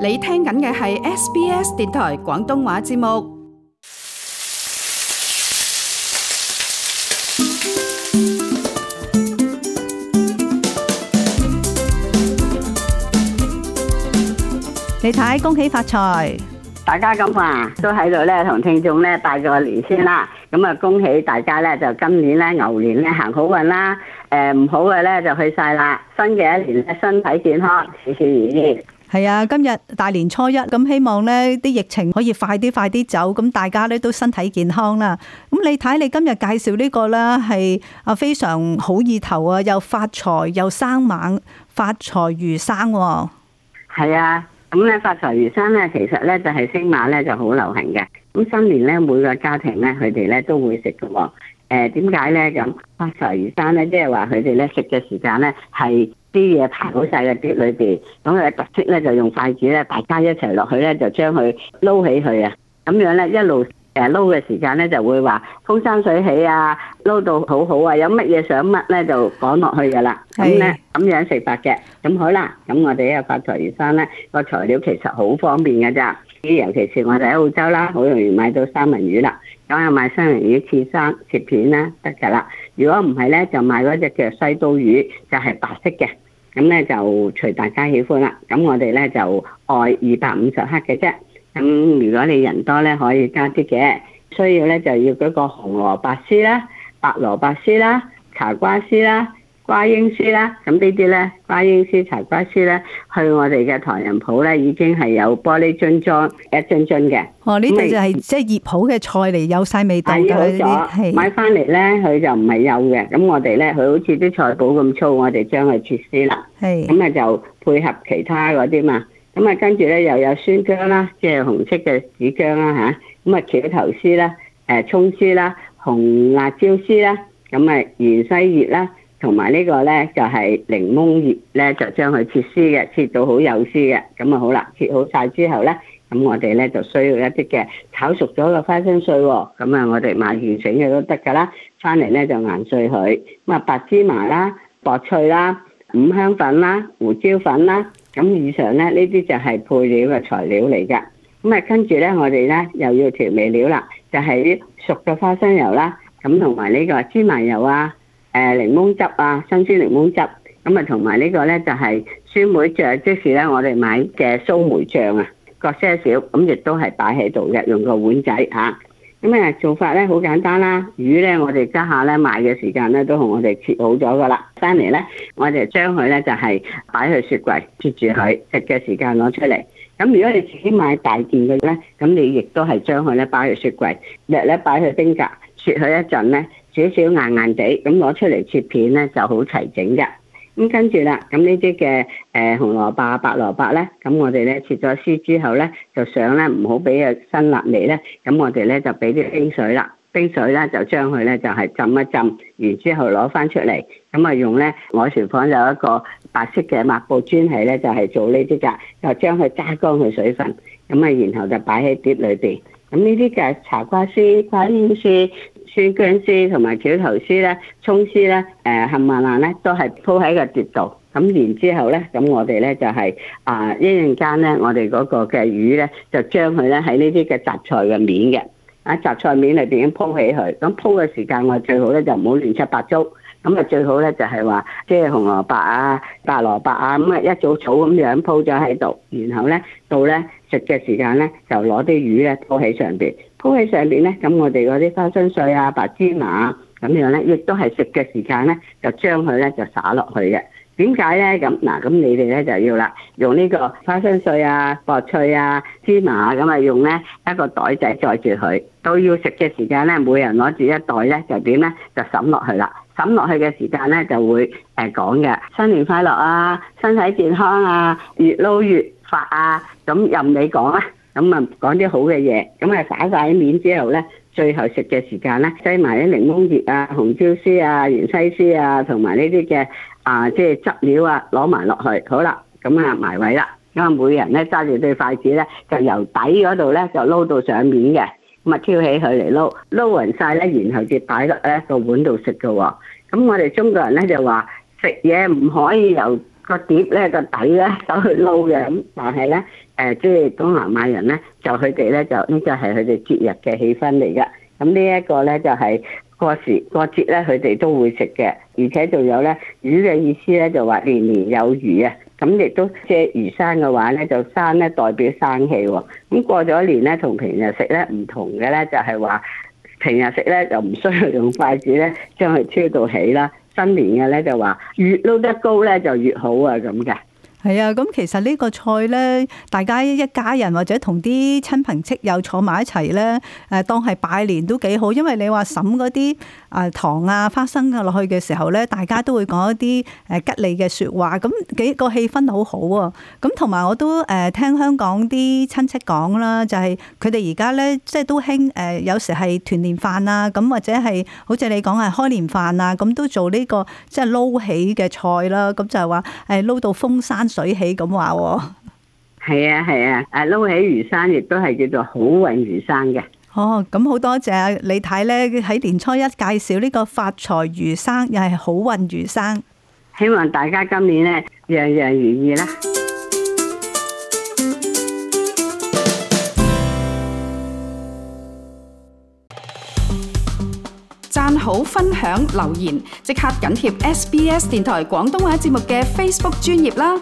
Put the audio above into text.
你聽緊嘅係 SBS 電台廣東話節目。你睇，恭喜發財！大家咁話，都喺度咧同聽眾咧拜個年先啦。咁啊，恭喜大家咧就今年咧牛年咧行好運啦。誒，唔好嘅咧就去晒啦。新嘅一年咧，身體健康，事事如意。係啊，今日大年初一，咁希望咧啲疫情可以快啲快啲走，咁大家咧都身體健康啦。咁你睇你今日介紹呢個啦，係啊非常好意頭啊，又發財又生猛，發財魚生。係啊，咁咧發財魚生咧，其實咧就係星馬咧就好流行嘅。咁新年咧每個家庭咧佢哋咧都會食嘅。誒點解咧？咁發財魚生咧？即係話佢哋咧食嘅時間咧係。啲嘢排好晒喺啲裏邊，咁佢特色咧就用筷子咧，大家一齊落去咧就將佢撈起佢啊！咁樣咧一路誒撈嘅時間咧就會話風生水起啊，撈到好好啊！有乜嘢想乜咧就講落去噶啦，咁咧咁樣食法嘅。咁好啦，咁我哋一個發財魚生咧個材料其實好方便嘅咋。尤其是我哋喺澳洲啦，好容易買到三文魚啦，咁就買三文魚切生切片啦，得噶啦。如果唔係呢，就買嗰隻叫西刀魚，就係白色嘅，咁呢，就隨大家喜歡啦。咁我哋呢，就愛二百五十克嘅啫，咁如果你人多呢，可以加啲嘅，需要呢，就要嗰個紅蘿蔔絲啦、白蘿蔔絲啦、茶瓜絲啦。瓜英絲啦，咁呢啲咧瓜英絲、柴瓜絲咧，去我哋嘅唐人鋪咧，已經係有玻璃樽裝一樽樽嘅。哦，呢啲為就係即係熱舖嘅菜嚟，有晒味道。嘅、啊。是買好買翻嚟咧，佢就唔係有嘅。咁我哋咧，佢好似啲菜脯咁粗，我哋將佢切絲啦。係咁啊，就配合其他嗰啲嘛。咁啊，跟住咧又有酸姜啦，即係紅色嘅紫姜啦嚇。咁啊，茄頭絲啦，誒葱絲啦，紅辣椒絲啦，咁啊芫茜葉啦。同埋呢個呢，就係檸檬葉呢，就將佢切絲嘅，切到好幼絲嘅。咁啊好啦，切好晒之後呢，咁我哋呢就需要一啲嘅炒熟咗嘅花生碎喎、哦。咁啊，我哋買完整嘅都得㗎啦。翻嚟呢，就研碎佢。咁啊，白芝麻啦、薄脆啦、五香粉啦、胡椒粉啦。咁以上呢呢啲就係配料嘅材料嚟嘅。咁啊，跟住呢，我哋呢又要調味料啦，就係、是、熟嘅花生油啦，咁同埋呢個芝麻油啊。誒檸檬汁啊，新鮮檸檬汁，咁啊同埋呢個呢就係酸梅醬，即、就係呢我哋買嘅酥梅醬啊，各些少，咁亦都係擺喺度嘅，用個碗仔嚇。咁啊做法呢好簡單啦，魚呢，我哋家下呢買嘅時間呢都同我哋切好咗噶啦，翻嚟呢，我哋將佢呢就係擺去雪櫃，雪住佢食嘅時間攞出嚟。咁如果你自己買大件嘅呢，咁你亦都係將佢呢擺去雪櫃，日呢擺去冰格，雪佢一陣呢。少少硬硬地，咁攞出嚟切片咧就好齊整嘅。咁跟住啦，咁呢啲嘅誒紅蘿蔔、白蘿蔔咧，咁我哋咧切咗絲之後咧，就想咧唔好俾佢辛辣味咧，咁我哋咧就俾啲冰水啦，冰水咧就將佢咧就係浸一浸，然之後攞翻出嚟，咁啊用咧我廚房有一個白色嘅抹布專器咧，就係做呢啲㗎，就將佢揸乾佢水分，咁啊然後就擺喺碟裏邊。咁呢啲嘅茶瓜絲、瓜尖絲、蒜薑絲同埋小頭絲咧，蔥絲杏仁粒都係鋪喺個碟度。咁然之後咧，咁我哋咧就係一陣間咧，我哋嗰個嘅魚咧就將佢咧喺呢啲嘅雜菜嘅面嘅啊雜菜面裏面鋪起佢。咁鋪嘅時間我最好咧就唔好亂七八糟。咁啊最好咧就係話，即係紅蘿蔔啊、白蘿蔔啊，咁啊一組草咁樣鋪咗喺度，然後咧到咧食嘅時間咧就攞啲魚咧鋪喺上面。鋪喺上面咧咁我哋嗰啲花生碎啊、白芝麻啊咁樣咧，亦都係食嘅時間咧就將佢咧就撒落去嘅。點解呢？咁嗱？咁你哋咧就要啦，用呢個花生碎啊、薄脆啊、芝麻咁啊，用咧一個袋仔載住佢，到要食嘅時間咧，每人攞住一袋咧就點咧就撒落去啦。揼落去嘅時間咧就會誒講嘅，新年快樂啊，身體健康啊，越撈越發啊，咁任你講啦、啊，咁啊講啲好嘅嘢，咁啊擺晒喺面之後咧，最後食嘅時間咧，擠埋啲檸檬葉啊、紅椒絲啊、芫茜絲啊，同埋呢啲嘅啊即係汁料啊攞埋落去，好啦，咁啊埋位啦，咁啊每人咧揸住對筷子咧，就由底嗰度咧就撈到上面嘅。咪挑起佢嚟撈，撈完晒咧，然後就擺落咧個碗度食㗎。咁我哋中國人咧就話食嘢唔可以由個碟咧個底咧走去撈嘅。咁但係咧誒，即係東南亞人咧，就佢哋咧就個呢個係佢哋節日嘅氣氛嚟嘅。咁、就是、呢一個咧就係過時過節咧，佢哋都會食嘅，而且仲有咧魚嘅意思咧就話年年有餘啊！咁亦都遮魚生嘅話咧，就生咧代表生氣喎。咁過咗年咧，同平日食咧唔同嘅咧，就係話平日食咧就唔需要用筷子咧將佢挑到起啦。新年嘅咧就話越撈得高咧就越好啊咁嘅。係啊，咁其實呢個菜呢，大家一家人或者同啲親朋戚友坐埋一齊呢，誒當係拜年都幾好，因為你話嬸嗰啲誒糖啊、花生啊落去嘅時候呢，大家都會講一啲誒吉利嘅説話，咁幾個氣氛好好、啊、喎。咁同埋我都誒聽香港啲親戚講啦，就係佢哋而家呢，即係都興誒，有時係團年飯啊，咁或者係好似你講係開年飯啊，咁都做呢、呢個即係撈起嘅菜啦。咁就係話誒撈到風山水起咁話。哦，係啊係啊，誒、啊，撈起魚生亦都係叫做好運魚生嘅。哦，咁好多謝你睇咧。喺年初一介紹呢個發財魚生，又係好運魚生，希望大家今年呢樣樣如意啦。讚好分享留言，即刻緊貼 SBS 電台廣東話節目嘅 Facebook 專頁啦。